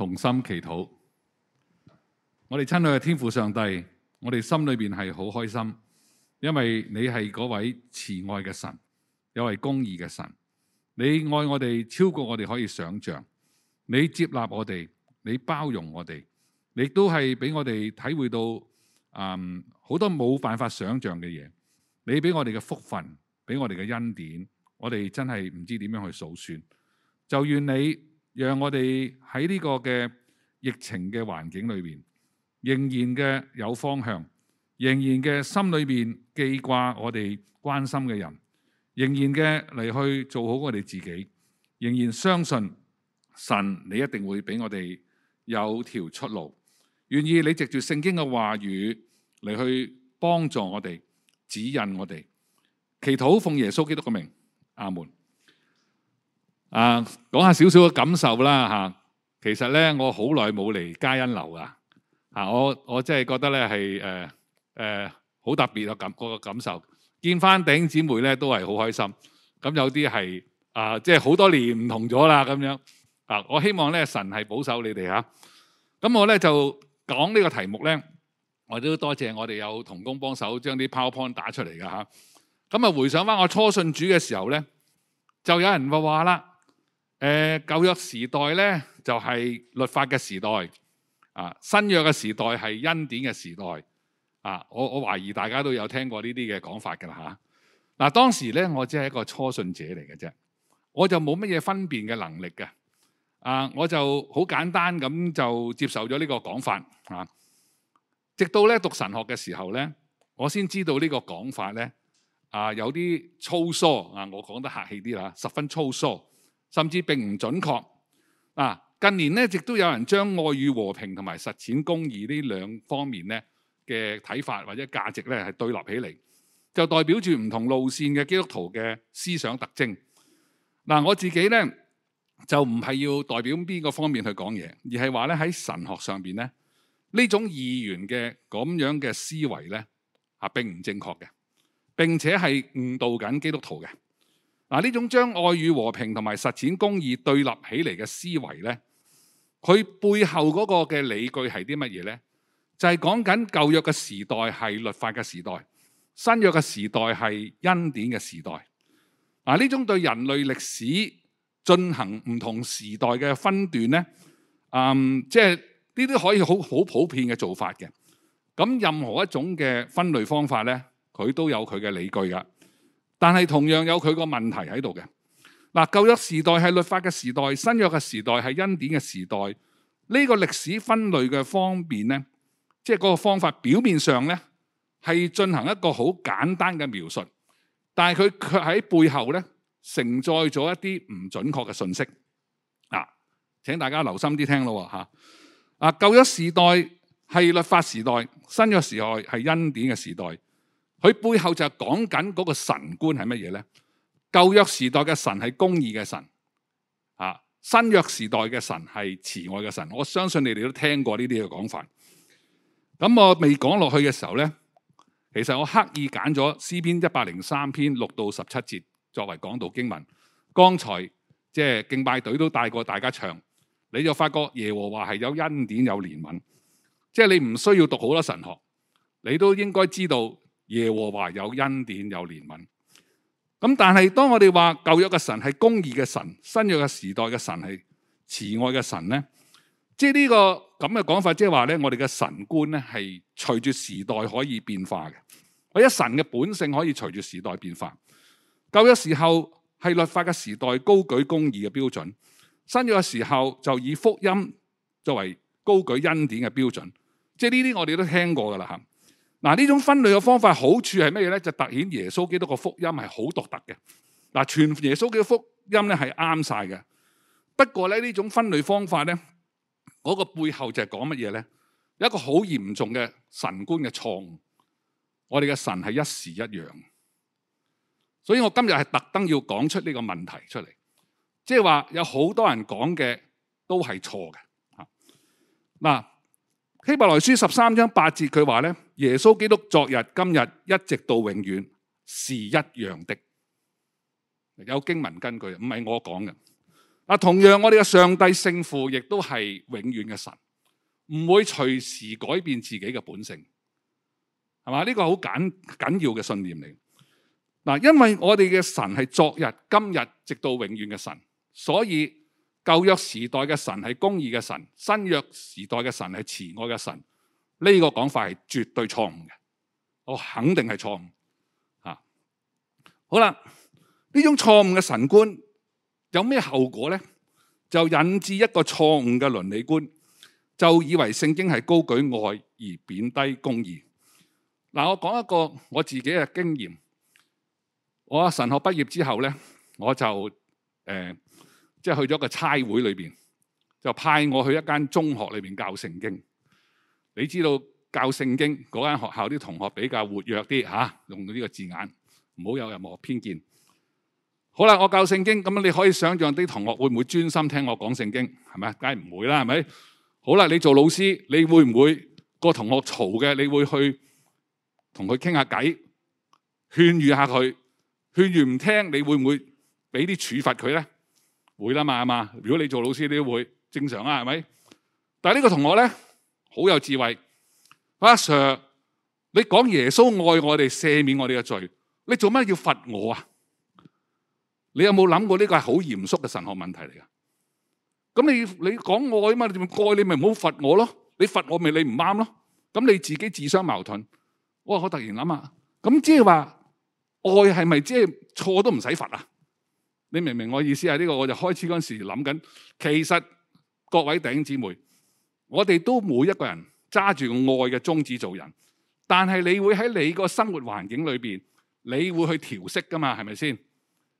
同心祈禱，我哋親愛嘅天父上帝，我哋心裏邊係好開心，因為你係嗰位慈愛嘅神，又係公義嘅神。你愛我哋超過我哋可以想像，你接納我哋，你包容我哋，你亦都係俾我哋體會到嗯好多冇辦法想像嘅嘢。你俾我哋嘅福分，俾我哋嘅恩典，我哋真係唔知點樣去數算。就願你。讓我哋喺呢個嘅疫情嘅環境裏面，仍然嘅有方向，仍然嘅心裏面記掛我哋關心嘅人，仍然嘅嚟去做好我哋自己，仍然相信神你一定會俾我哋有條出路，願意你藉住聖經嘅話語嚟去幫助我哋、指引我哋，祈禱奉耶穌基督嘅名，阿門。啊，講下少少嘅感受啦、啊、其實咧，我好耐冇嚟加恩樓啊。我我真係覺得咧係誒好特別嘅感個感受。見翻弟兄姊妹咧都係好開心。咁有啲係啊，即係好多年唔同咗啦咁樣。啊，我希望咧神係保守你哋咁、啊、我咧就講呢個題目咧，我都多謝我哋有同工幫手將啲 PowerPoint 打出嚟㗎。咁啊回想翻我初信主嘅時候咧，就有人會話啦。誒舊、呃、約時代咧，就係、係、律法嘅時代；啊，新約嘅時代係恩典嘅時代。啊，我我懷疑大家都有聽過呢啲嘅講法㗎啦嚇。嗱、啊，當時咧，我只係一個初信者嚟嘅啫，我就冇乜嘢分辨嘅能力嘅。啊，我就好簡單咁就接受咗呢個講法啊。直到咧讀神學嘅時候咧，我先知道個呢個講法咧啊有啲粗疏啊，我講得客氣啲啦，十分粗疏。甚至並唔準確嗱，近年咧亦都有人將愛與和平同埋實踐公義呢兩方面咧嘅睇法或者價值咧係對立起嚟，就代表住唔同路線嘅基督徒嘅思想特徵。嗱，我自己咧就唔係要代表邊個方面去講嘢，而係話咧喺神學上邊咧呢種二元嘅咁樣嘅思維咧啊並唔正確嘅，並且係誤導緊基督徒嘅。嗱，呢種將愛與和平同埋實踐公義對立起嚟嘅思維呢，佢背後嗰個嘅理據係啲乜嘢呢？就係講緊舊約嘅時代係律法嘅時代，新約嘅時代係恩典嘅時代。嗱，呢種對人類歷史進行唔同時代嘅分段呢，嗯，即係呢啲可以好好普遍嘅做法嘅。咁任何一種嘅分類方法呢，佢都有佢嘅理據噶。但係同樣有佢個問題喺度嘅。嗱，舊約時代係律法嘅時代，新約嘅時代係恩典嘅時代。呢個歷史分類嘅方面呢，即係個方法表面上呢係進行一個好簡單嘅描述，但係佢卻喺背後呢，承載咗一啲唔準確嘅信息。啊！請大家留心啲聽咯喎嚇。啊，舊約時代係律法時代，新約時代係恩典嘅時代。佢背後就係講緊嗰個神觀係乜嘢咧？舊約時代嘅神係公義嘅神，啊，新約時代嘅神係慈愛嘅神。我相信你哋都聽過呢啲嘅講法。咁我未講落去嘅時候咧，其實我刻意揀咗詩篇一百零三篇六到十七節作為講道經文。剛才即係敬拜隊都帶過大家唱，你就發覺耶和華係有恩典有憐憫，即係你唔需要讀好多神學，你都應該知道。耶和華有恩典有憐憫，咁但係當我哋話舊約嘅神係公義嘅神，新約嘅時代嘅神係慈愛嘅神咧，即係呢個咁嘅講法，即係話咧我哋嘅神觀咧係隨住時代可以變化嘅，或者神嘅本性可以隨住時代變化。舊約時候係律法嘅時代，高舉公義嘅標準；新約嘅時候就以福音作為高舉恩典嘅標準。即係呢啲我哋都聽過噶啦吓。嗱，呢種分類嘅方法好處係乜嘢咧？就突顯耶穌基督個福音係好獨特嘅。嗱，全耶穌基督福音咧係啱晒嘅。不過咧，呢種分類方法咧，嗰個背後就係講乜嘢咧？有一個好嚴重嘅神觀嘅錯誤。我哋嘅神係一時一樣，所以我今日係特登要講出呢個問題出嚟，即係話有好多人講嘅都係錯嘅。嗱，希伯來書十三章八節佢話咧。耶穌基督昨日、今日一直到永遠是一樣的，有經文根據，唔係我講嘅。同樣我哋嘅上帝聖父亦都係永遠嘅神，唔會隨時改變自己嘅本性，係嘛？呢個好緊緊要嘅信念嚟。因為我哋嘅神是昨日、今日直到永遠嘅神，所以舊約時代嘅神是公義嘅神，新約時代嘅神是慈愛嘅神。呢個講法係絕對錯誤嘅，我肯定係錯誤。吓、啊，好啦，呢種錯誤嘅神觀有咩後果咧？就引致一個錯誤嘅倫理觀，就以為聖經係高舉愛而貶低公義。嗱、啊，我講一個我自己嘅經驗，我啊神學畢業之後咧，我就誒，即、呃、係、就是、去咗個差會裏邊，就派我去一間中學裏邊教聖經。你知道教聖經嗰間學校啲同學比較活躍啲吓，用到呢個字眼，唔好有任何偏見。好啦，我教聖經，咁你可以想象啲同學會唔會專心聽我講聖經？係咪？梗係唔會啦，係咪？好啦，你做老師，你會唔會、個同學嘈嘅？你會去同佢傾下偈，勸諭下佢，勸諭唔聽，你會唔會俾啲處罰佢咧？會啦嘛，係嘛？如果你做老師，你都會正常啦、啊，係咪？但係呢個同學咧。好有智慧，阿 Sir，你講耶穌愛我哋，赦免我哋嘅罪，你做乜要罰我啊？你有冇諗過呢個係好嚴肅嘅神學問題嚟㗎？咁你你講愛嘛？你說愛你咪唔好罰我咯，你罰我咪你唔啱咯？咁你自己自相矛盾。我我突然諗下，咁即係話愛係咪即係錯都唔使罰啊？你明唔明我意思係呢個？我就開始嗰陣時諗緊，其實各位弟兄姊妹。我哋都每一個人揸住愛嘅宗旨做人，但係你會喺你個生活環境裏邊，你會去調適噶嘛？係咪先？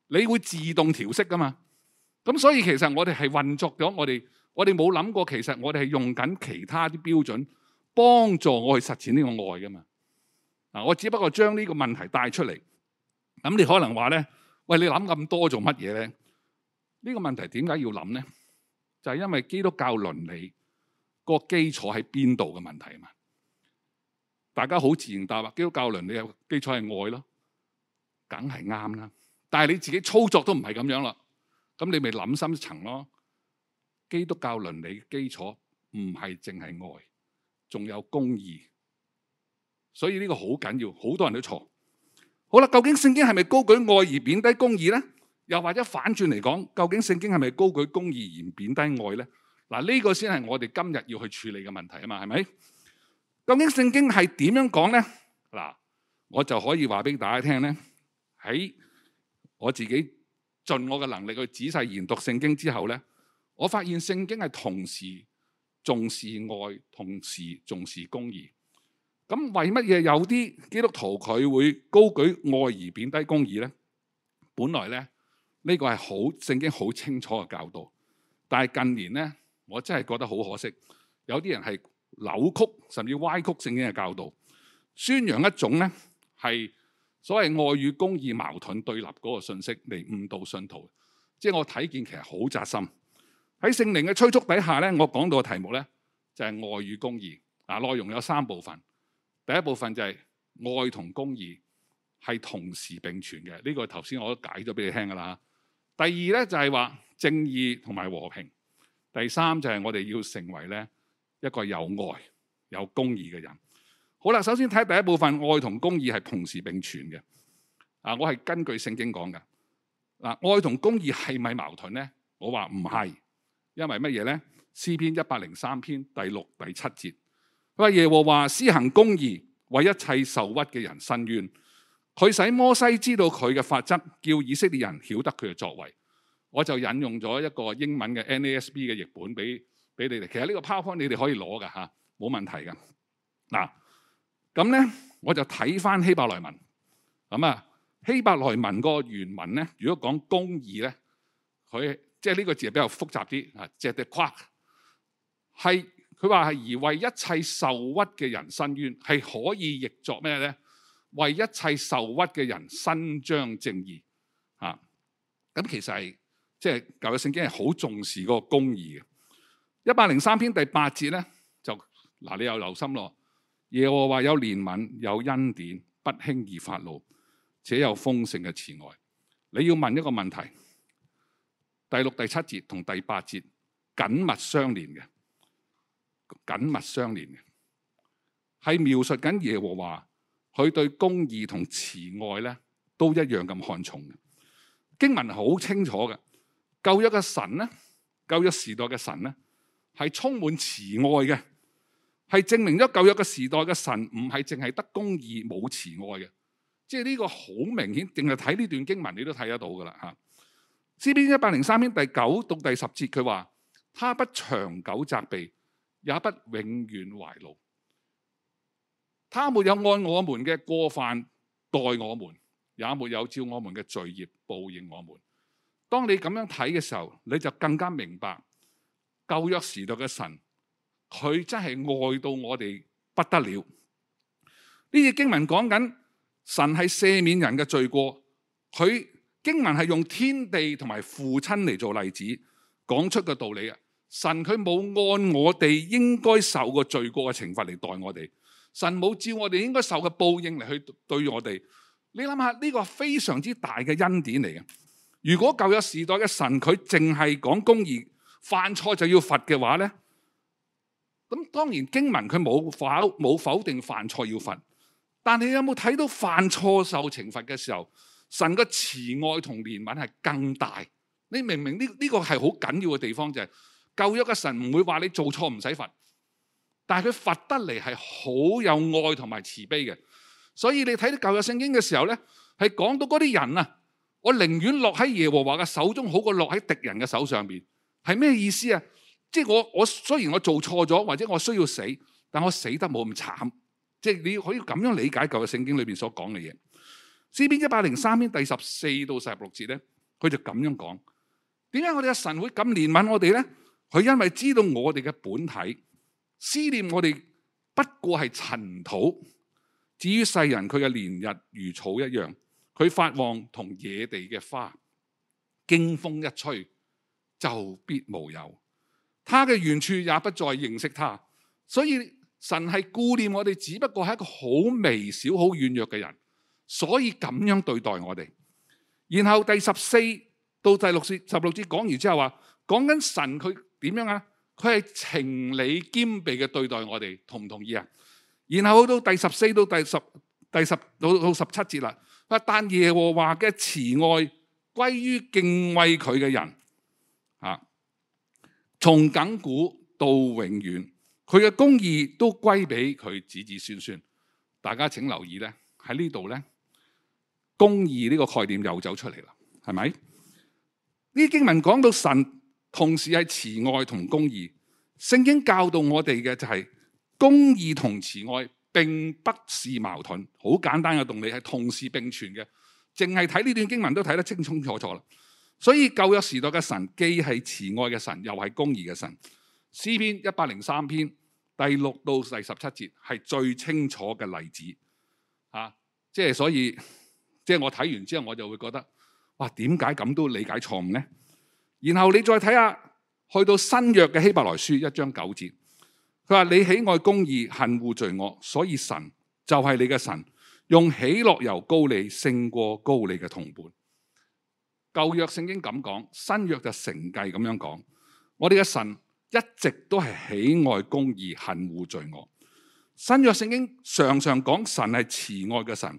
你會自動調適噶嘛？咁所以其實我哋係運作咗我哋，我哋冇諗過其實我哋係用緊其他啲標準幫助我去實踐呢個愛噶嘛？嗱，我只不過將呢個問題帶出嚟，咁你可能話咧：喂，你諗咁多做乜嘢咧？呢個問題點解要諗咧？就係因為基督教倫理。個基礎喺邊度嘅問題嘛？大家好自然答話，基督教倫理有基礎係愛咯，梗係啱啦。但係你自己操作都唔係咁樣啦，咁你咪諗深層咯。基督教倫理嘅基礎唔係淨係愛，仲有公義。所以呢個好緊要，好多人都錯。好啦，究竟聖經係咪高舉愛而貶低公義咧？又或者反轉嚟講，究竟聖經係咪高舉公義而貶低愛咧？嗱，呢個先係我哋今日要去處理嘅問題啊嘛，係咪？究竟聖經係點樣講咧？嗱，我就可以話俾大家聽咧。喺我自己盡我嘅能力去仔細研讀聖經之後咧，我發現聖經係同時重視愛，同時重視公義。咁為乜嘢有啲基督徒佢會高舉愛而貶低公義咧？本來咧，呢個係好聖經好清楚嘅教導，但係近年咧。我真係覺得好可惜，有啲人係扭曲甚至歪曲聖經嘅教導，宣揚一種呢，係所謂愛與公義矛盾對立嗰個信息嚟誤導信徒。即係我睇見其實好扎心。喺聖靈嘅催促底下呢，我講到嘅題目呢，就係愛與公義。嗱，內容有三部分，第一部分就係愛同公義係同時並存嘅。呢個頭先我都解咗俾你聽㗎啦。第二呢，就係話正義同埋和平。第三就係、是、我哋要成為咧一個有愛有公義嘅人。好啦，首先睇第一部分，愛同公義係同時並存嘅。啊，我係根據聖經講嘅。嗱，愛同公義係咪矛盾咧？我話唔係，因為乜嘢咧？詩篇一百零三篇第六第七節，佢話耶和華施行公義，為一切受屈嘅人伸冤。佢使摩西知道佢嘅法則，叫以色列人曉得佢嘅作為。我就引用咗一個英文嘅 NASB 嘅譯本俾俾你哋，其實呢個 PowerPoint 你哋可以攞噶嚇，冇、啊、問題嘅。嗱，咁咧我就睇翻希伯來文，咁啊希伯來文個原文咧，如果講公義咧，佢即係呢個字係比較複雜啲啊，這啲，他說「夸」係佢話係而為一切受屈嘅人伸冤，係可以譯作咩咧？為一切受屈嘅人伸張正義啊，咁其實係。即係舊約聖經係好重視個公義嘅，一百零三篇第八節咧就嗱你又留心咯，耶和華有憐憫有恩典，不輕易發怒，且有豐盛嘅慈愛。你要問一個問題，第六第七節同第八節緊密相連嘅，緊密相連嘅係描述緊耶和華佢對公義同慈愛咧都一樣咁看重嘅，經文好清楚嘅。舊約嘅神呢？舊約時代嘅神呢？係充滿慈愛嘅，係證明咗舊約嘅時代嘅神唔係淨係得公義冇慈愛嘅，即係呢個好明顯，淨係睇呢段經文你都睇得到噶啦吓。詩篇一百零三篇第九到第十節，佢話：他不長久責備，也不永遠懷怒；他沒有按我們嘅過犯待我們，也沒有照我們嘅罪孽報應我們。當你咁樣睇嘅時候，你就更加明白舊約時代嘅神，佢真係愛到我哋不得了。呢啲經文講緊神係赦免人嘅罪過，佢經文係用天地同埋父親嚟做例子，講出個道理嘅。神佢冇按我哋應該受過罪過嘅懲罰嚟待我哋，神冇照我哋應該受嘅報應嚟去對我哋。你諗下呢個非常之大嘅恩典嚟嘅。如果舊約時代嘅神佢淨係講公義，犯錯就要罰嘅話咧，咁當然經文佢冇否冇否定犯錯要罰，但係有冇睇到犯錯受懲罰嘅時候，神嘅慈愛同憐憫係更大？你明唔明呢，呢個係好緊要嘅地方就係、是，舊約嘅神唔會話你做錯唔使罰，但係佢罰得嚟係好有愛同埋慈悲嘅，所以你睇到舊約聖經嘅時候咧，係講到嗰啲人啊，我寧願落喺耶和華嘅手中，好過落喺敵人嘅手上邊，係咩意思啊？即係我我雖然我做錯咗，或者我需要死，但我死得冇咁慘。即係你可以咁樣理解舊嘅聖經裏邊所講嘅嘢。詩篇一百零三篇第十四到四十六節咧，佢就咁樣講。點解我哋嘅神會咁憐憫我哋咧？佢因為知道我哋嘅本體思念我哋不過係塵土，至於世人佢嘅年日如草一樣。佢發旺同野地嘅花，經風一吹就必無有。他嘅原處也不再認識他，所以神係顧念我哋，只不過係一個好微小、好軟弱嘅人，所以咁樣對待我哋。然後第十四到第六、十六節講完之後話，講緊神佢點樣啊？佢係情理兼備嘅對待我哋，同唔同意啊？然後去到第十四到第十、第十到到十七節啦。不，但耶和華嘅慈愛歸於敬畏佢嘅人，啊，從亙古到永遠，佢嘅公義都歸俾佢子子孫孫。大家請留意咧，喺呢度咧，公義呢個概念又走出嚟啦，係咪？呢經文講到神同時係慈愛同公義，聖經教導我哋嘅就係公義同慈愛。並不是矛盾，好簡單嘅動力係同時並存嘅，淨係睇呢段經文都睇得清清楚楚啦。所以舊約時代嘅神既係慈愛嘅神，又係公義嘅神。詩篇一百零三篇第六到第十七節係最清楚嘅例子啊！即係所以，即係我睇完之後，我就會覺得，「哇，點解咁都理解錯誤呢？」然後你再睇下，去到新約嘅希伯來書一章九節。佢話你喜愛公義、恨惡罪惡，所以神就係你嘅神，用喜樂油膏你，勝過膏你嘅同伴。舊約聖經咁講，新約就承繼咁樣講。我哋嘅神一直都係喜愛公義、恨惡罪惡。新約聖經常常講神係慈愛嘅神，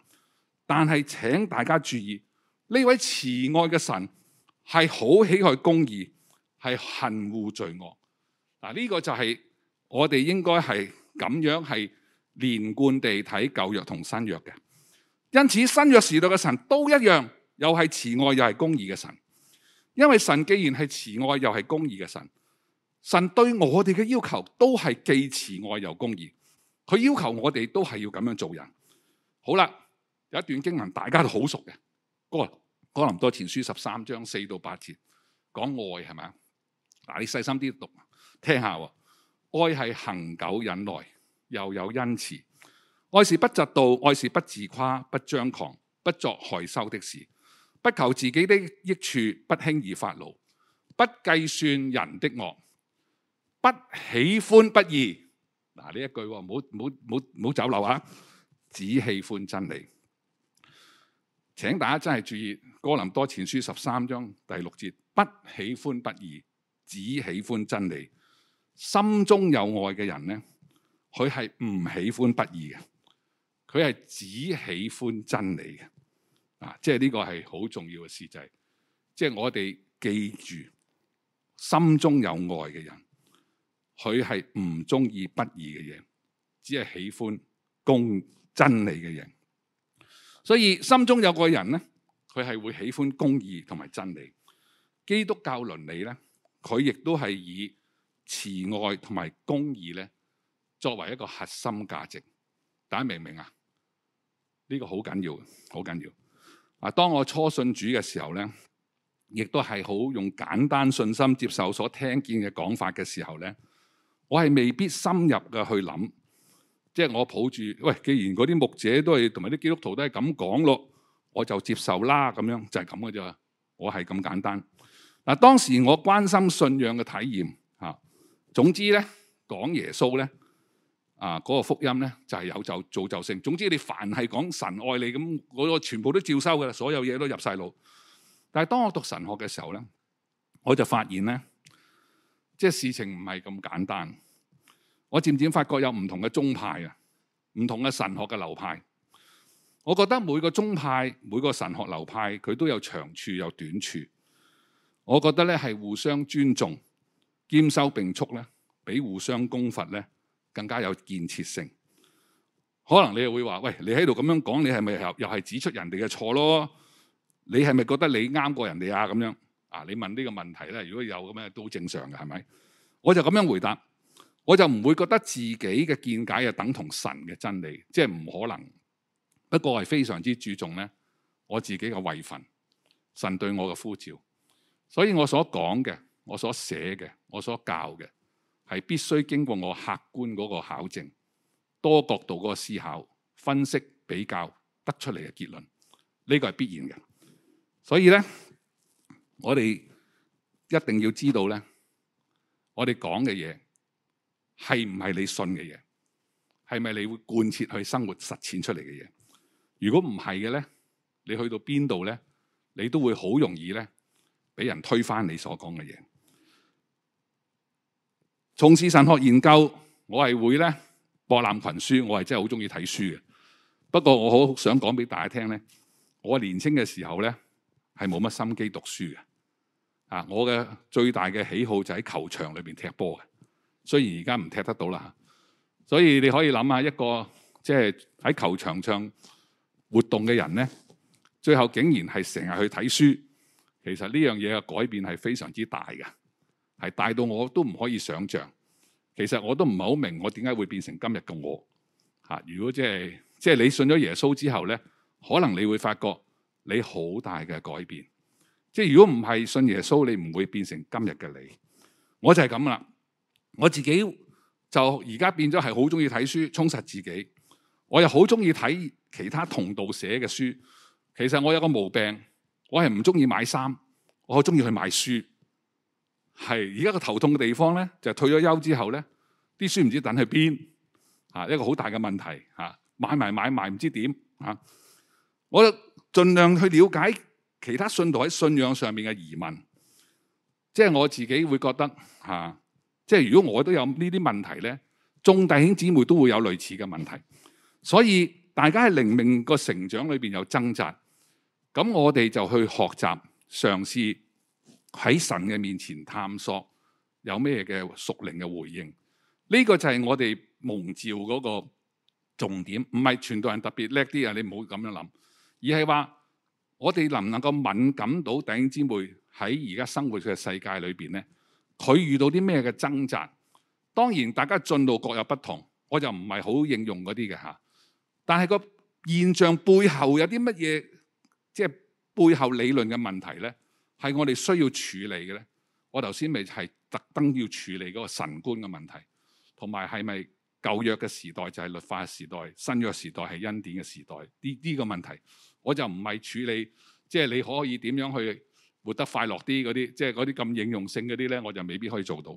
但係請大家注意，呢位慈愛嘅神係好喜愛公義，係恨惡罪惡。嗱，呢個就係、是。我哋應該係咁樣係連貫地睇舊約同新約嘅，因此新約時代嘅神都一樣，又係慈愛又係公義嘅神。因為神既然係慈愛又係公義嘅神，神對我哋嘅要求都係既慈愛又公義。佢要求我哋都係要咁樣做人。好啦，有一段經文大家都好熟嘅，哥哥林多前書十三章四到八節講愛係咪啊？嗱，你細心啲讀，聽下喎。愛係恒久忍耐，又有恩慈。愛是不嫉妒，愛是不自誇，不張狂，不作害羞的事，不求自己的益處，不輕易發怒，不計算人的惡，不喜歡不義。嗱、啊，呢一句唔好唔好唔好走漏啊！只喜歡真理，請大家真係注意《哥林多前書》十三章第六節：不喜歡不義，只喜歡真理。心中有愛嘅人咧，佢係唔喜歡不義嘅，佢係只喜歡真理嘅。嗱，即係呢個係好重要嘅事，就係即係我哋記住，心中有愛嘅人，佢係唔中意不義嘅嘢，只係喜歡公義，真理嘅嘢。所以心中有個人咧，佢係會喜歡公義同埋真理。基督教倫理咧，佢亦都係以。慈愛同埋公義咧，作為一個核心價值，大家明唔明啊？呢個好緊要，好緊要。嗱，當我初信主嘅時候咧，亦都係好用簡單信心接受所聽見嘅講法嘅時候咧，我係未必深入嘅去諗，即係我抱住喂，既然嗰啲牧者都係同埋啲基督徒都係咁講咯，我就接受啦。咁樣就係咁嘅啫，我係咁簡單嗱。當時我關心信仰嘅體驗。總之咧，講耶穌咧，啊嗰個福音咧就係有就造就性。總之你凡係講神愛你咁，嗰個全部都照收噶啦，所有嘢都入晒腦。但係當我讀神學嘅時候咧，我就發現咧，即係事情唔係咁簡單。我漸漸發覺有唔同嘅宗派啊，唔同嘅神學嘅流派。我覺得每個宗派，每個神學流派佢都有長處，有短處。我覺得咧係互相尊重。兼收並蓄咧，比互相攻伐咧更加有建設性。可能你又會話，喂，你喺度咁樣講，你係咪又又係指出人哋嘅錯咯？你係咪覺得你啱過人哋啊？咁樣啊？你問呢個問題咧，如果有咁咧，都正常嘅，係咪？我就咁樣回答，我就唔會覺得自己嘅見解係等同神嘅真理，即係唔可能。不過係非常之注重咧，我自己嘅位份，神對我嘅呼召，所以我所講嘅。我所寫嘅，我所教嘅，係必須經過我客觀嗰個考證、多角度嗰個思考、分析比較得出嚟嘅結論，呢個係必然嘅。所以咧，我哋一定要知道咧，我哋講嘅嘢係唔係你信嘅嘢？係咪你會貫徹去生活實踐出嚟嘅嘢？如果唔係嘅咧，你去到邊度咧，你都會好容易咧，俾人推翻你所講嘅嘢。從事神學研究，我係會咧博覽群書，我係真係好中意睇書嘅。不過我好想講俾大家聽咧，我年輕嘅時候咧係冇乜心機讀書嘅。啊，我嘅最大嘅喜好就喺球場裏邊踢波嘅。雖然而家唔踢得到啦，所以你可以諗下一個即係喺球場上活動嘅人咧，最後竟然係成日去睇書，其實呢樣嘢嘅改變係非常之大嘅。係大到我都唔可以想象，其實我都唔係好明白我點解會變成今日嘅我嚇。如果即係即係你信咗耶穌之後咧，可能你會發覺你好大嘅改變。即係如果唔係信耶穌，你唔會變成今日嘅你。我就係咁啦，我自己就而家變咗係好中意睇書，充實自己。我又好中意睇其他同道寫嘅書。其實我有個毛病，我係唔中意買衫，我好中意去買書。係而家個頭痛嘅地方咧，就係退咗休之後咧，啲書唔知等去邊，嚇，一個好大嘅問題嚇。買埋買埋唔知點嚇。我就盡量去了解其他信徒喺信仰上面嘅疑問，即係我自己會覺得嚇。即係如果我都有呢啲問題咧，眾弟兄姊妹都會有類似嘅問題。所以大家喺靈命個成長裏邊有掙扎，咁我哋就去學習嘗試。喺神嘅面前探索有咩嘅屬靈嘅回應，呢個就係我哋蒙召嗰個重點，唔係傳道人特別叻啲啊！你唔好咁樣諗，而係話，我哋能唔能夠敏感到弟兄姊妹喺而家生活嘅世界裏邊咧？佢遇到啲咩嘅掙扎？當然大家進度各有不同，我就唔係好應用嗰啲嘅吓，但係個現象背後有啲乜嘢？即係背後理論嘅問題咧？係我哋需要處理嘅咧，我頭先咪係特登要處理嗰個神觀嘅問題，同埋係咪舊約嘅時代就係、是、律法嘅時代，新約時代係恩典嘅時代？呢、這、呢個問題，我就唔係處理，即、就、係、是、你可以點樣去活得快樂啲嗰啲，即係嗰啲咁應用性嗰啲咧，我就未必可以做到。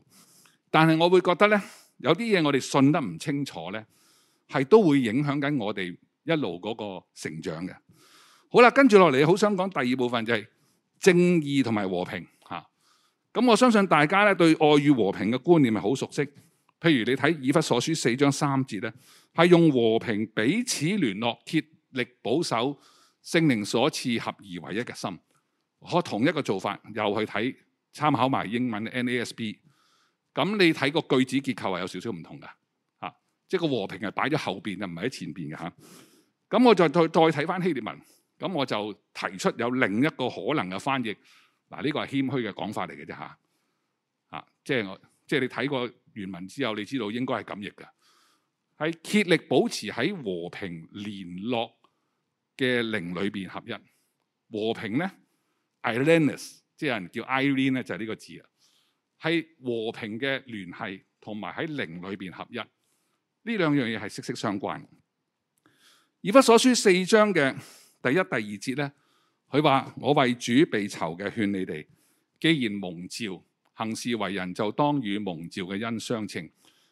但係我會覺得咧，有啲嘢我哋信得唔清楚咧，係都會影響緊我哋一路嗰個成長嘅。好啦，跟住落嚟，好想講第二部分就係、是。正義同埋和平嚇，咁我相信大家咧對愛與和平嘅觀念係好熟悉。譬如你睇以弗所書四章三節咧，係用和平彼此聯絡竭力保守聖靈所賜合而為一嘅心。我同一個做法，又去睇參考埋英文 NASB，咁你睇個句子結構係有少少唔同噶嚇，即係個和平係擺咗後邊嘅，唔係喺前邊嘅嚇。咁我再再再睇翻希臘文。咁我就提出有另一個可能嘅翻譯，嗱、這、呢個係謙虛嘅講法嚟嘅啫吓，嚇、啊、即係我即係你睇過原文之後，你知道應該係咁譯嘅，係竭力保持喺和平聯絡嘅靈裏邊合一。和平咧，Eileness 即係有人叫 Irene 咧，就係呢個字啊，係和平嘅聯繫同埋喺靈裏邊合一，呢兩樣嘢係息息相關。以弗所書四章嘅。第一、第二節咧，佢話：我為主被囚嘅，勸你哋，既然蒙召行事為人，就當與蒙召嘅恩相稱。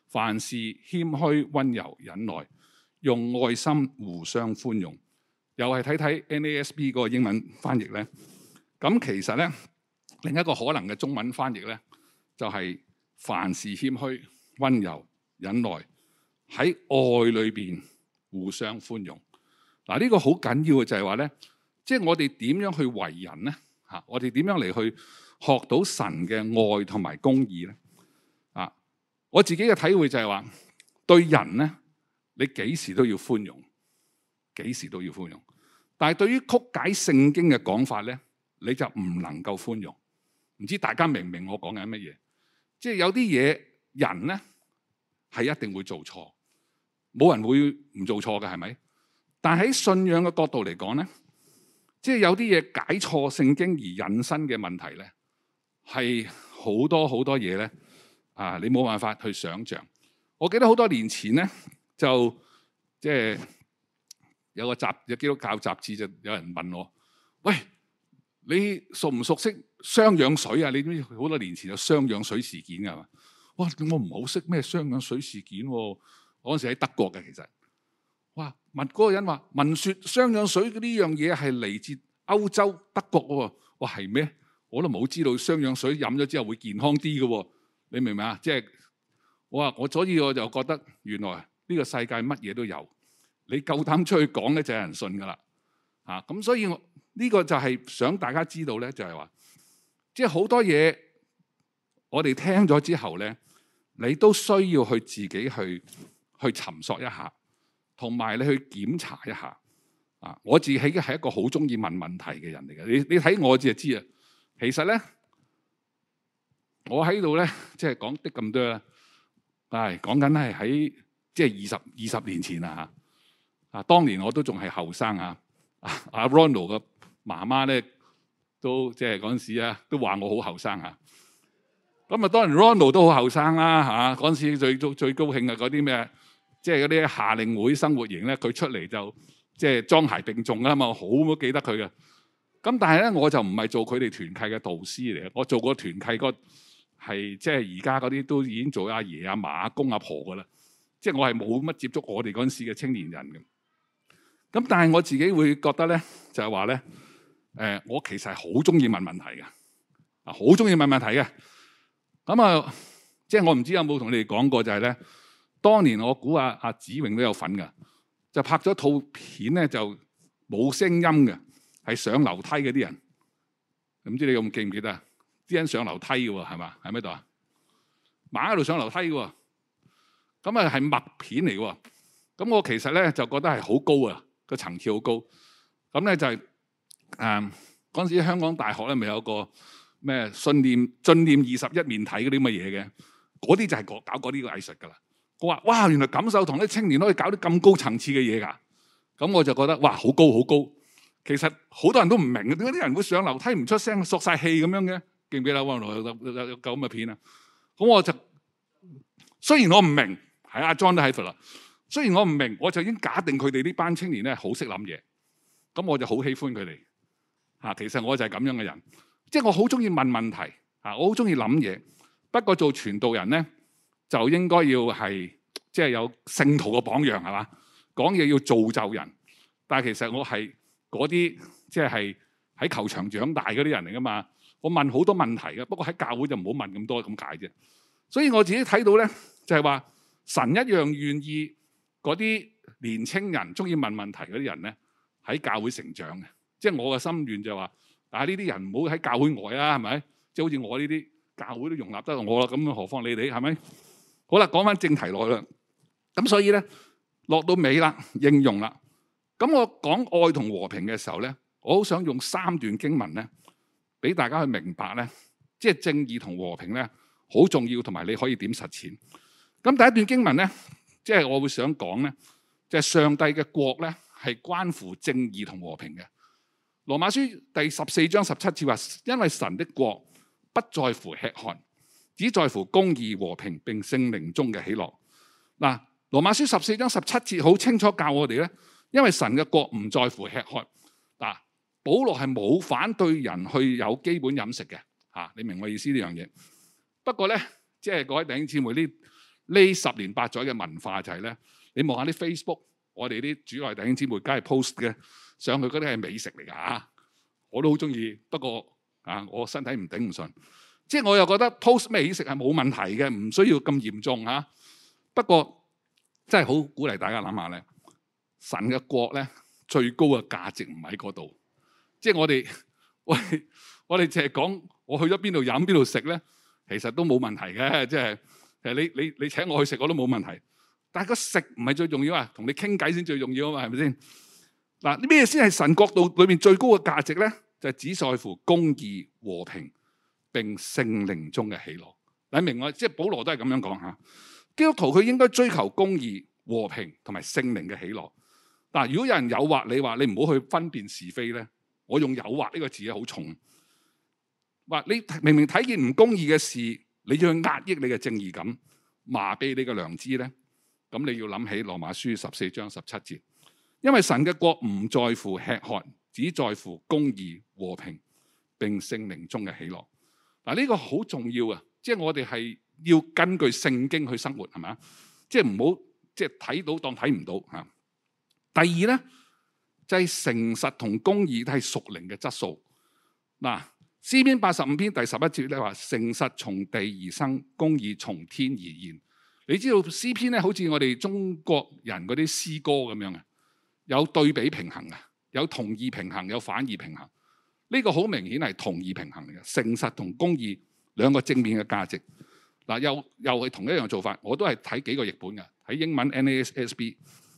凡事謙虛、温柔、忍耐，用愛心互相寬容。又係睇睇 NASB 個英文翻譯咧，咁其實咧，另一個可能嘅中文翻譯咧，就係、是、凡事謙虛、温柔、忍耐，喺愛裏邊互相寬容。嗱，呢個好緊要嘅就係話咧，即係我哋點樣去為人咧？吓，我哋點樣嚟去學到神嘅愛同埋公義咧？啊，我自己嘅體會就係話，對人咧，你幾時都要寬容，幾時都要寬容。但係對於曲解聖經嘅講法咧，你就唔能夠寬容。唔知大家明唔明我講緊乜嘢？即係有啲嘢人咧係一定會做錯，冇人會唔做錯嘅，係咪？但喺信仰嘅角度嚟講咧，即係有啲嘢解錯聖經而引申嘅問題咧，係好多好多嘢咧啊！你冇辦法去想象。我記得好多年前咧，就即係有個集有基督教雜誌就有人問我，喂，你熟唔熟悉雙氧水啊？你知好多年前有雙氧水事件㗎嘛？哇！我唔好識咩雙氧水事件喎。嗰陣時喺德國嘅其實。問嗰個人話：聞說雙氧水呢樣嘢係嚟自歐洲德國喎。哦，哇係咩？我都冇知道雙氧水飲咗之後會健康啲嘅喎，你明唔明啊？即係我話我，所以我就覺得原來呢個世界乜嘢都有，你夠膽出去講咧，就有人信噶啦嚇。咁、啊、所以呢、這個就係想大家知道咧，就係、是、話，即係好多嘢我哋聽咗之後咧，你都需要去自己去去尋索一下。同埋你去檢查一下啊！我自己係一個好中意問問題嘅人嚟嘅。你你睇我自己就知啊。其實咧，我喺度咧即係講啲咁多啦。係講緊係喺即係二十二十年前啊！啊，當年我都仲係後生啊！阿 Ronald 嘅媽媽咧都即係嗰陣時啊，都話、就是、我好後生啊。咁啊，當然 Ronald 都好後生啦嚇。嗰、啊、陣時最高最高興嘅嗰啲咩？即係嗰啲夏令會生活營咧，佢出嚟就即係、就係、裝鞋並重啦嘛，好記得佢嘅。咁但係咧，我就唔係做佢哋團契嘅導師嚟嘅，我做過團契個係即係而家嗰啲都已經做阿爺、爺、阿嫲、阿公、阿婆嘅啦。即係我係冇乜接觸我哋嗰陣時嘅青年人嘅。咁但係我自己會覺得咧，就係話咧，誒、呃，我其實係好中意問問題嘅，啊，好中意問問題嘅。咁啊，即係我唔知有冇同你哋講過就係呢，就係咧。當年我估阿阿子榮都有份嘅，就拍咗套片咧，就冇聲音嘅，係上樓梯嗰啲人，唔知你有冇記唔記得啊？啲人上樓梯嘅喎、哦，係嘛？喺咪度啊？馬喺度上樓梯嘅喎、哦，咁啊係默片嚟嘅喎，咁、嗯、我其實咧就覺得係好高啊，個層次好高。咁、嗯、咧就係、是，誒嗰陣時香港大學咧咪有一個咩信念進念二十一面體嗰啲咁嘅嘢嘅，嗰啲就係搞嗰啲藝術㗎啦。我話：哇！原來感受同啲青年可以搞啲咁高層次嘅嘢㗎，咁我就覺得哇，好高好高。其實好多人都唔明點解啲人會上樓梯唔出聲，索晒氣咁樣嘅，記唔記得啊？黃龍有有有有咁嘅片啊！咁我就雖然我唔明，係阿 John 都喺度啦。雖然我唔明，、啊我明，我就已經假定佢哋呢班青年咧好識諗嘢，咁我就好喜歡佢哋。嚇、啊，其實我就係咁樣嘅人，即係我好中意問問題嚇、啊，我好中意諗嘢。不過做傳道人咧。就應該要係，即係有聖徒嘅榜樣係嘛，講嘢要造就人。但係其實我係嗰啲即係喺球場長大嗰啲人嚟㗎嘛。我問好多問題㗎，不過喺教會就唔好問咁多咁解啫。所以我自己睇到咧，就係話神一樣願意嗰啲年青人中意問問題嗰啲人咧，喺教會成長嘅。即係我嘅心願就係話啊，呢啲人唔好喺教會外啊，係咪？即係好似我呢啲教會都容納得我啦，咁何況你哋係咪？好啦，講翻正題落去啦。咁所以咧，落到尾啦，應用啦。咁我講愛同和平嘅時候咧，我好想用三段經文咧，俾大家去明白咧，即係正義同和平咧，好重要同埋你可以點實踐。咁第一段經文咧，即係我會想講咧，就係上帝嘅國咧，係關乎正義同和平嘅。羅馬書第十四章十七節話：因為神的國不在乎吃喝。只在乎公義、和平並聖靈中嘅喜樂。嗱，《羅馬書》十四章十七節好清楚教我哋咧，因為神嘅國唔在乎吃喝。嗱，保羅係冇反對人去有基本飲食嘅。嚇，你明我意思呢樣嘢？不過咧，即係各位弟兄姊妹呢，呢十年八載嘅文化就係咧，你望下啲 Facebook，我哋啲主內弟兄姊妹梗係 post 嘅，上去嗰啲係美食嚟㗎嚇。我都好中意，不過啊，我身體唔頂唔順。即係我又覺得 post 咩美食係冇問題嘅，唔需要咁嚴重嚇、啊。不過真係好鼓勵大家諗下咧，神嘅國咧最高嘅價值唔喺嗰度。即係我哋喂，我哋淨係講我去咗邊度飲邊度食咧，其實都冇問題嘅。即係其實你你你請我去食我都冇問題。但係個食唔係最重要啊，同你傾偈先最重要啊嘛，係咪先？嗱，啲咩先係神國度裏面最高嘅價值咧？就係只在乎公義和平。並聖靈中嘅喜樂，你明我，即係保羅都係咁樣講吓，基督徒佢應該追求公義、和平同埋聖靈嘅喜樂。嗱，如果有人誘惑你話，你唔好去分辨是非咧，我用誘惑呢個字啊，好重。話你明明睇見唔公義嘅事，你要去壓抑你嘅正義感，麻痹你嘅良知咧，咁你要諗起羅馬書十四章十七節，因為神嘅國唔在乎吃喝，只在乎公義、和平，並聖靈中嘅喜樂。嗱，呢個好重要啊！即係我哋係要根據聖經去生活，係咪啊？即係唔好即係睇到當睇唔到吓。第二咧，就係誠實同公義都係屬靈嘅質素。嗱，詩篇八十五篇第十一節咧話：誠實從地而生，公義從天而現。你知道詩篇咧，好似我哋中國人嗰啲詩歌咁樣啊，有對比平衡啊，有同義平衡，有反義平衡。呢個好明顯係同義平衡嘅，誠實同公義兩個正面嘅價值。嗱，又又係同一樣做法，我都係睇幾個譯本嘅，睇英文 NASB，s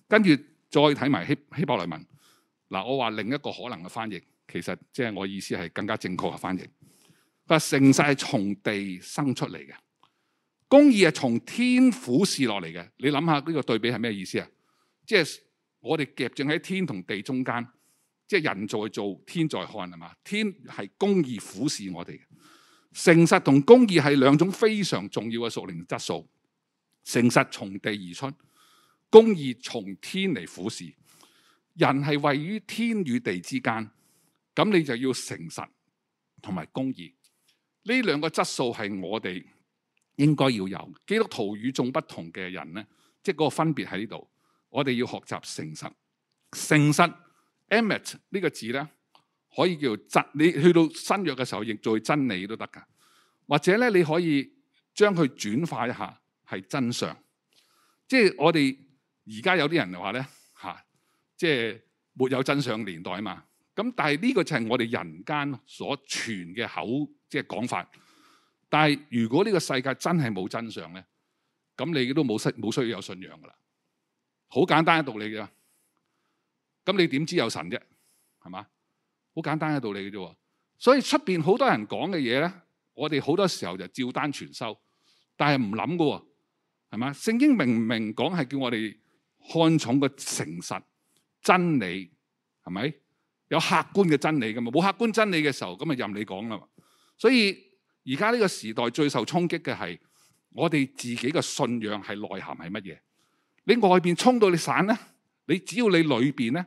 跟住再睇埋希希伯來文。嗱，我話另一個可能嘅翻譯，其實即係我意思係更加正確嘅翻譯。佢話誠實係從地生出嚟嘅，公義係從天俯視落嚟嘅。你諗下呢個對比係咩意思啊？即係我哋夾正喺天同地中間。即係人在做，天在看，係嘛？天係公義俯視我哋，誠實同公義係兩種非常重要嘅屬靈質素。誠實從地而出，公義從天嚟俯視。人係位於天與地之間，咁你就要誠實同埋公義。呢兩個質素係我哋應該要有。基督徒與眾不同嘅人呢？即係嗰個分別喺呢度。我哋要學習誠實，誠實。emet m 呢個字咧，可以叫做真，你去到新約嘅時候亦再真理都得噶，或者咧，你可以將佢轉化一下係真相，即係我哋而家有啲人就話咧，吓，即係沒有真相年代啊嘛，咁但係呢個就係我哋人間所傳嘅口即係講法，但係如果呢個世界真係冇真相咧，咁你都冇需冇需要有信仰噶啦，好簡單嘅道理嘅。咁你點知有神啫？係嘛？好簡單嘅道理嘅啫。所以出面好多人講嘅嘢咧，我哋好多時候就照單全收，但係唔諗㗎喎。係嘛？聖經明明講係叫我哋看重個誠實真理，係咪有客觀嘅真理㗎嘛？冇客觀真理嘅時候，咁咪任你講啦嘛。所以而家呢個時代最受衝擊嘅係我哋自己嘅信仰係內涵係乜嘢？你外面衝到你散咧，你只要你裏面咧，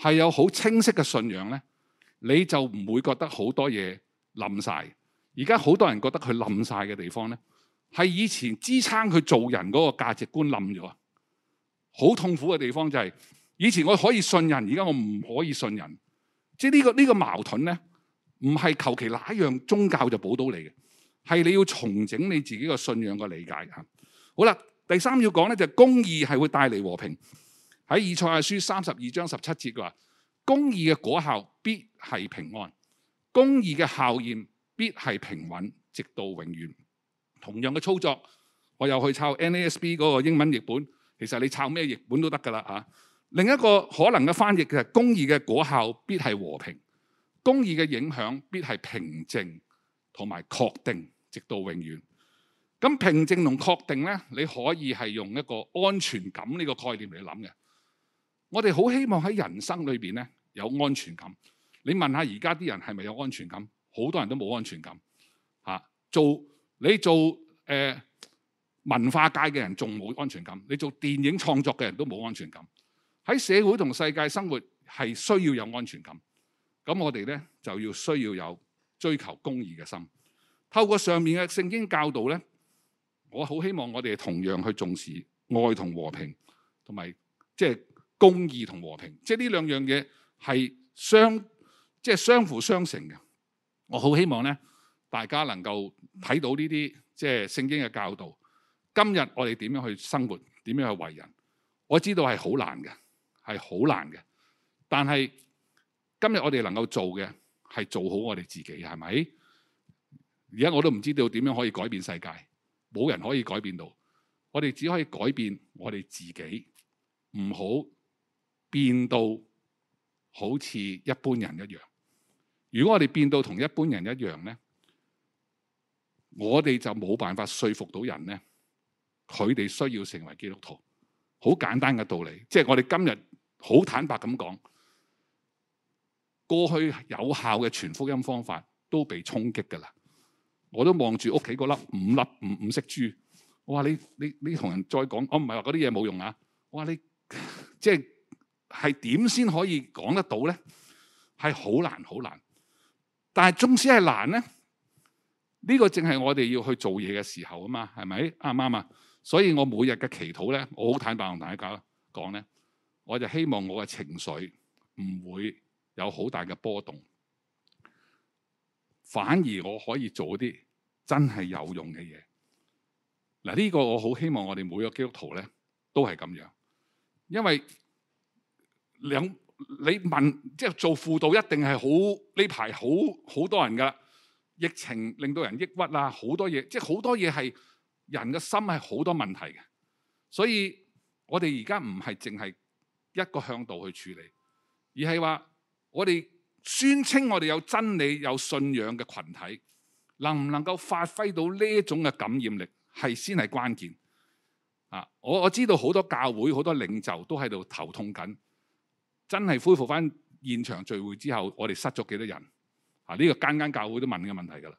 係有好清晰嘅信仰咧，你就唔會覺得好多嘢冧晒。而家好多人覺得佢冧晒嘅地方咧，係以前支撐佢做人嗰個價值觀冧咗。好痛苦嘅地方就係，以前我可以信人，而家我唔可以信人。即係呢個呢個矛盾咧，唔係求其哪一樣宗教就保到你嘅，係你要重整你自己嘅信仰嘅理解嚇。好啦，第三要講咧就係公義係會帶嚟和平。喺《以賽亞書》三十二章十七節，話：公義嘅果效必係平安，公義嘅效驗必係平穩，直到永遠。同樣嘅操作，我又去抄 NASB 嗰個英文譯本。其實你抄咩譯本都得㗎啦嚇。另一個可能嘅翻譯嘅、就是、公義嘅果效必係和平，公義嘅影響必係平靜同埋確定，直到永遠。咁平靜同確定咧，你可以係用一個安全感呢個概念嚟諗嘅。我哋好希望喺人生裏面咧有安全感。你問下而家啲人係咪有安全感？好多人都冇安全感。啊、做你做、呃、文化界嘅人仲冇安全感。你做電影創作嘅人都冇安全感。喺社會同世界生活係需要有安全感。咁我哋咧就要需要有追求公義嘅心。透過上面嘅聖經教導咧，我好希望我哋同樣去重視愛同和，和平，同埋即係公義同和平，即係呢兩樣嘢係相，即係相輔相成嘅。我好希望咧，大家能夠睇到呢啲即係聖經嘅教導。今日我哋點樣去生活，點樣去為人，我知道係好難嘅，係好難嘅。但係今日我哋能夠做嘅，係做好我哋自己，係咪？而家我都唔知道點樣可以改變世界，冇人可以改變到，我哋只可以改變我哋自己，唔好變到好似一般人一樣。如果我哋變到同一般人一樣咧，我哋就冇辦法說服到人咧。佢哋需要成為基督徒，好簡單嘅道理。即係我哋今日好坦白咁講，過去有效嘅傳福音方法都被衝擊噶啦。我都望住屋企嗰粒五粒五五色珠，我話你你你同人再講，我唔係話嗰啲嘢冇用啊。我話你即係。就是係點先可以講得到咧？係好難，好難。但係縱使係難咧，呢個正係我哋要去做嘢嘅時候啊嘛，係咪啱唔啱啊？所以我每日嘅祈禱咧，我好坦白同大家講咧，我就希望我嘅情緒唔會有好大嘅波動，反而我可以做啲真係有用嘅嘢。嗱，呢個我好希望我哋每個基督徒咧都係咁樣，因為。兩你問即係做輔導，一定係好呢排好好多人㗎。疫情令到人抑鬱啦，好多嘢即係好多嘢係人嘅心係好多問題嘅。所以我哋而家唔係淨係一個向度去處理，而係話我哋宣稱我哋有真理、有信仰嘅群體，能唔能夠發揮到呢種嘅感染力係先係關鍵啊！我我知道好多教會、好多領袖都喺度頭痛緊。真係恢復翻現場聚會之後，我哋失咗幾多人？啊，呢個間間教會都問呢個問題㗎啦。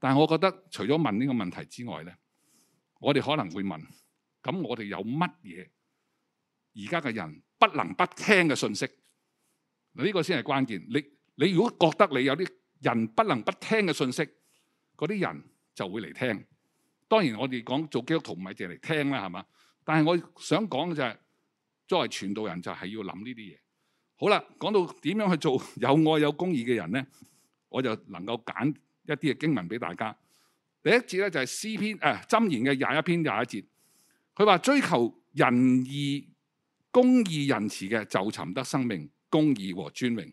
但係我覺得，除咗問呢個問題之外咧，我哋可能會問：咁我哋有乜嘢而家嘅人不能不聽嘅信息？嗱，呢個先係關鍵。你你如果覺得你有啲人不能不聽嘅信息，嗰啲人就會嚟聽。當然我哋講做基督徒唔係淨係嚟聽啦，係嘛？但係我想講嘅就係，作為傳道人就係要諗呢啲嘢。好啦，講到點樣去做有愛有公義嘅人咧，我就能夠揀一啲嘅經文俾大家。第一節咧就係、是、詩篇誒箴、呃、言嘅廿一篇廿一節，佢話追求仁義、公義、仁慈嘅就尋得生命、公義和尊榮。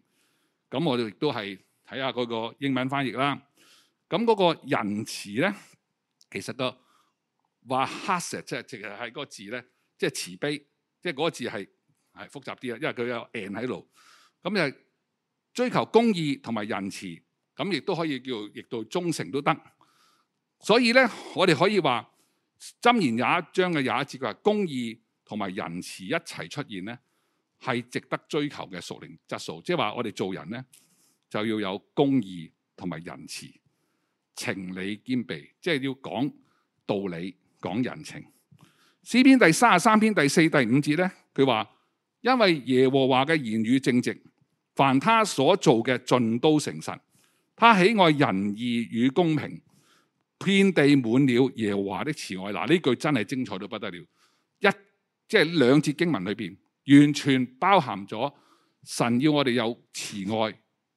咁我哋亦都係睇下嗰個英文翻譯啦。咁嗰個仁慈咧，其實都話 hesed 即係淨係係嗰個字咧，即係慈悲，即係嗰個字係。係複雜啲啊，因為佢有 n 喺度，咁又追求公義同埋仁慈，咁亦都可以叫，亦到忠誠都得。所以咧，我哋可以話《箴言》廿一章嘅廿一節，佢話公義同埋仁慈一齊出現咧，係值得追求嘅屬靈質素。即係話我哋做人咧，就要有公義同埋仁慈，情理兼備，即係要講道理、講人情。《詩篇》第三十三篇第四、第五節咧，佢話。因為耶和華嘅言語正直，凡他所做嘅盡都誠實，他喜愛仁義與公平，遍地滿了耶和華的慈愛。嗱，呢句真係精彩到不得了，一即係、就是、兩節經文裏邊完全包含咗神要我哋有慈愛，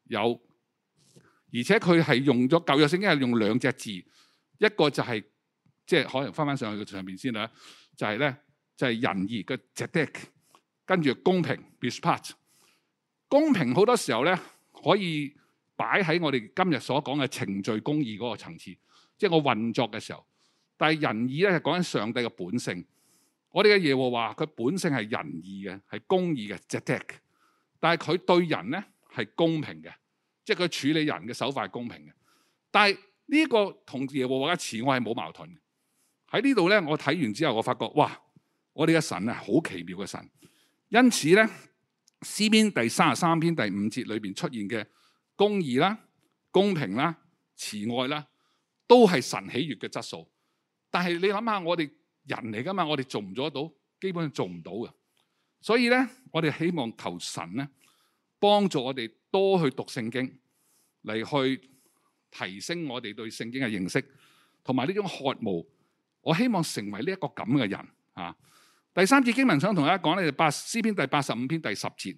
有而且佢係用咗舊約聖經係用兩隻字，一個就係即係可能翻翻上去嘅上面先啦，就係、是、咧就係、是、仁義嘅跟住公平，be j u t 公平好多時候咧，可以擺喺我哋今日所講嘅程序公義嗰個層次，即、就、係、是、我運作嘅時候。但係仁義咧，係講緊上帝嘅本性。我哋嘅耶和華佢本性係仁義嘅，係公義嘅，ze tach。但係佢對人咧係公平嘅，即係佢處理人嘅手法係公平嘅。但係呢個同耶和華嘅慈我係冇矛盾嘅。喺呢度咧，我睇完之後，我發覺哇，我哋嘅神啊，好奇妙嘅神。因此咧，詩篇第三十三篇第五節裏邊出現嘅公義啦、公平啦、慈愛啦，都係神喜悦嘅質素。但係你諗下，我哋人嚟㗎嘛，我哋做唔做得到？基本上做唔到嘅。所以咧，我哋希望求神咧，幫助我哋多去讀聖經，嚟去提升我哋對聖經嘅認識，同埋呢種渴慕。我希望成為呢一個咁嘅人第三節經文想同大家講咧，就是、八詩篇第八十五篇第十節，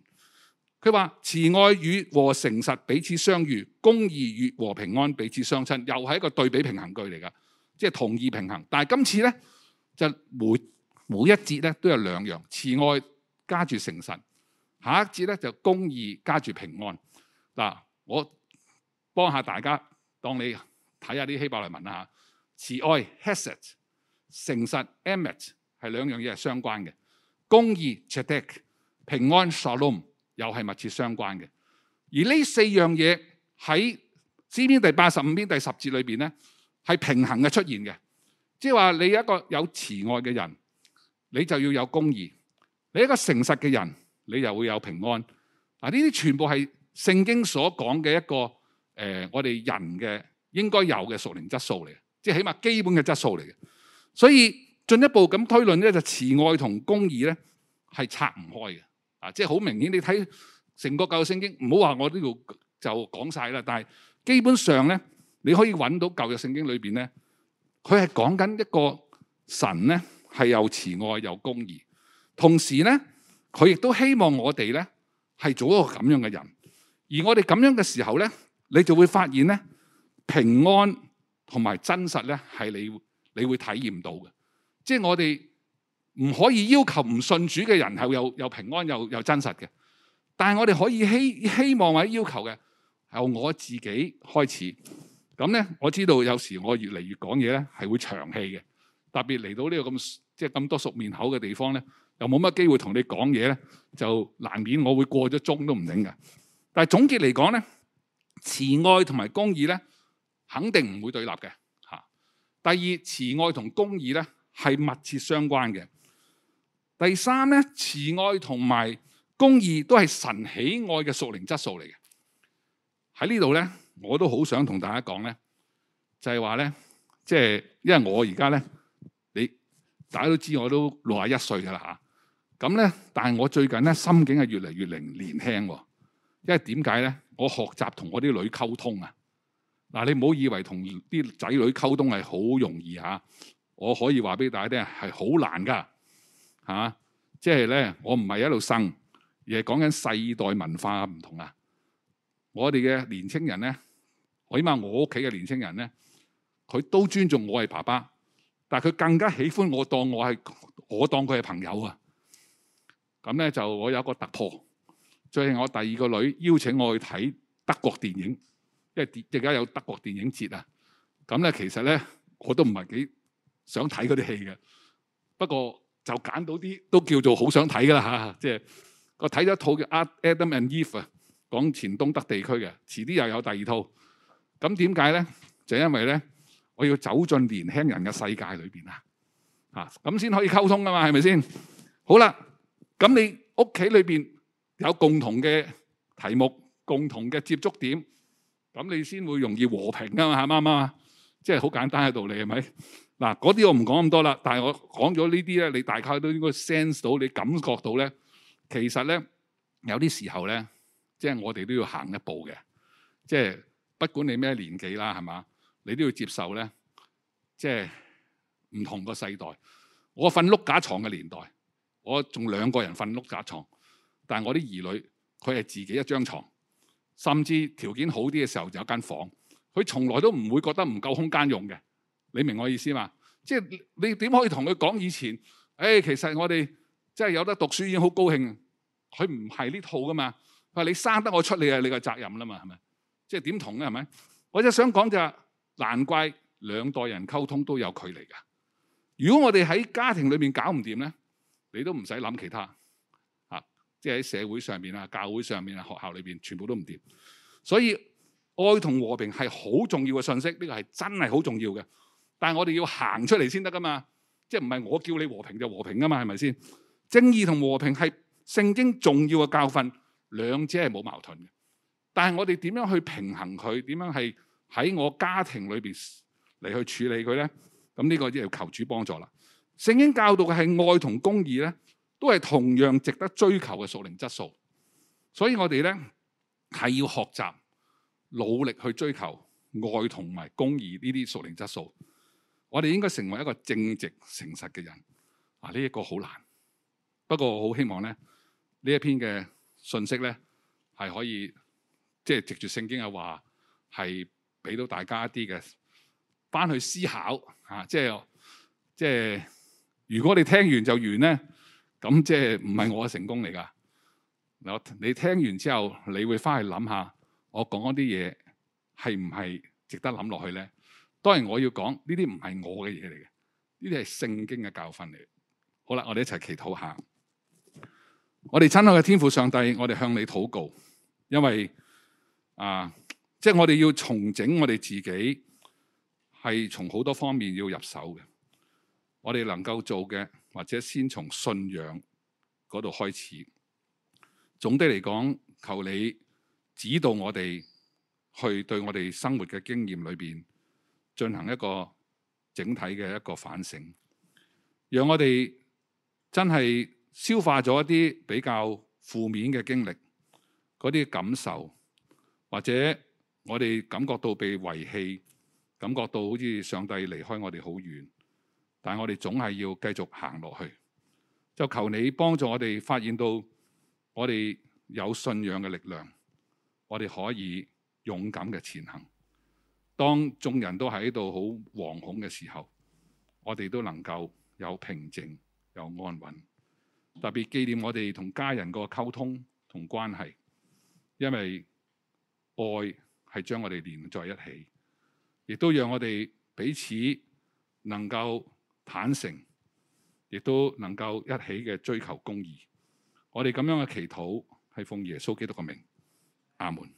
佢話慈愛與和誠實彼此相遇，公義與和平安彼此相親，又係一個對比平衡句嚟噶，即係同義平衡。但係今次咧，就每每一節咧都有兩樣，慈愛加住誠實，下一節咧就公義加住平安。嗱，我幫下大家，當你睇下啲希伯來文啦，慈愛 hesed，誠實 emet m。係兩樣嘢係相關嘅，公義 tzedek 平安 shalom 又係密切相關嘅。而呢四樣嘢喺詩篇第八十五篇第十節裏邊咧，係平衡嘅出現嘅。即係話你一個有慈愛嘅人，你就要有公義；你一個誠實嘅人，你又會有平安。嗱，呢啲全部係聖經所講嘅一個誒、呃，我哋人嘅應該有嘅屬靈質素嚟嘅，即係起碼基本嘅質素嚟嘅。所以進一步咁推論咧，就是、慈愛同公義咧係拆唔開嘅啊！即係好明顯，你睇成個舊約聖經，唔好話我呢度就講晒啦。但係基本上咧，你可以揾到舊嘅聖經裏面咧，佢係講緊一個神咧係有慈愛有公義，同時咧佢亦都希望我哋咧係做一個咁樣嘅人。而我哋咁樣嘅時候咧，你就會發現咧平安同埋真實咧係你你會體驗到嘅。即係我哋唔可以要求唔信主嘅人係又又平安又又真實嘅，但係我哋可以希希望或者要求嘅由我自己開始咁咧。我知道有時我越嚟越講嘢咧係會長氣嘅，特別嚟到呢個咁即係咁多熟面口嘅地方咧，又冇乜機會同你講嘢咧，就難免我會過咗鐘都唔停㗎。但係總結嚟講咧，慈愛同埋公義咧肯定唔會對立嘅嚇。第二，慈愛同公義咧。係密切相關嘅。第三咧，慈愛同埋公義都係神喜愛嘅屬靈質素嚟嘅。喺呢度咧，我都好想同大家講咧，就係話咧，即係因為我而家咧，你大家都知我都六十一歲噶啦嚇。咁咧，但係我最近咧心境係越嚟越零年輕喎。因為點解咧？我學習同我啲女溝通啊。嗱，你唔好以為同啲仔女溝通係好容易嚇。我可以話俾大家聽，係好難噶嚇、啊，即係咧，我唔係一路生，而係講緊世代文化唔同啊！我哋嘅年青人咧，我起碼我屋企嘅年青人咧，佢都尊重我係爸爸，但係佢更加喜歡我，我當我係我當佢係朋友啊！咁咧就我有一個突破，最後我第二個女邀請我去睇德國電影，因為而家有德國電影節啊！咁咧其實咧我都唔係幾～想睇嗰啲戲嘅，不過就揀到啲都叫做好想睇噶啦嚇，即、啊、係、就是、我睇咗一套叫《Adam and Eve》、啊講前東德地區嘅，遲啲又有第二套。咁點解咧？就因為咧，我要走進年輕人嘅世界裏邊啊，嚇咁先可以溝通啊嘛，係咪先？好啦，咁你屋企裏邊有共同嘅題目、共同嘅接觸點，咁你先會容易和平啊嘛，啱唔啱啊？即係好簡單嘅道理，係咪？是嗱，嗰啲我唔講咁多啦，但係我講咗呢啲咧，你大概都應該 sense 到，你感覺到咧，其實咧有啲時候咧，即係我哋都要行一步嘅，即係不管你咩年紀啦，係嘛，你都要接受咧，即係唔同個世代。我瞓碌架床嘅年代，我仲兩個人瞓碌架床，但係我啲兒女佢係自己一張床，甚至條件好啲嘅時候就有間房，佢從來都唔會覺得唔夠空間用嘅。你明我意思嘛？即係你點可以同佢講以前？誒、哎，其實我哋即係有得讀書已經好高興，佢唔係呢套噶嘛，話你生得我出嚟係你個責任啦嘛，係咪？即係點同咧？係咪？我就想講就係，難怪兩代人溝通都有距離㗎。如果我哋喺家庭裏面搞唔掂咧，你都唔使諗其他嚇，即係喺社會上面啊、教會上面啊、學校裏邊，全部都唔掂。所以愛同和，和平係好重要嘅信息，呢、這個係真係好重要嘅。但係我哋要行出嚟先得噶嘛，即係唔係我叫你和平就是、和平㗎嘛，係咪先？正義同和,和平係聖經重要嘅教訓，兩者係冇矛盾嘅。但係我哋點樣去平衡佢？點樣係喺我家庭裏邊嚟去處理佢咧？咁、這、呢個都要求主幫助啦。聖經教導嘅係愛同公義咧，都係同樣值得追求嘅屬靈質素。所以我哋咧係要學習努力去追求愛同埋公義呢啲屬靈質素。我哋應該成為一個正直誠實嘅人啊！呢一個好難，不過我好希望咧，呢一篇嘅信息咧係可以即係藉住聖經嘅話，係俾到大家一啲嘅翻去思考啊！即係即係，如果你聽完就完咧，咁即係唔係我嘅成功嚟噶嗱？你聽完之後，你會翻去諗下，我講嗰啲嘢係唔係值得諗落去咧？當然，我要講呢啲唔係我嘅嘢嚟嘅，呢啲係聖經嘅教訓嚟。好啦，我哋一齊祈禱下。我哋親愛嘅天父上帝，我哋向你禱告，因為啊，即係我哋要重整我哋自己，係從好多方面要入手嘅。我哋能夠做嘅，或者先從信仰嗰度開始。總的嚟講，求你指導我哋去對我哋生活嘅經驗裏邊。進行一個整體嘅一個反省，讓我哋真係消化咗一啲比較負面嘅經歷，嗰啲感受，或者我哋感覺到被遺棄，感覺到好似上帝離開我哋好遠，但我哋總係要繼續行落去。就求你幫助我哋發現到我哋有信仰嘅力量，我哋可以勇敢嘅前行。當眾人都喺度好惶恐嘅時候，我哋都能夠有平靜、有安穩。特別紀念我哋同家人個溝通同關係，因為愛係將我哋連在一起，亦都讓我哋彼此能夠坦誠，亦都能夠一起嘅追求公義。我哋咁樣嘅祈禱係奉耶穌基督嘅名，阿門。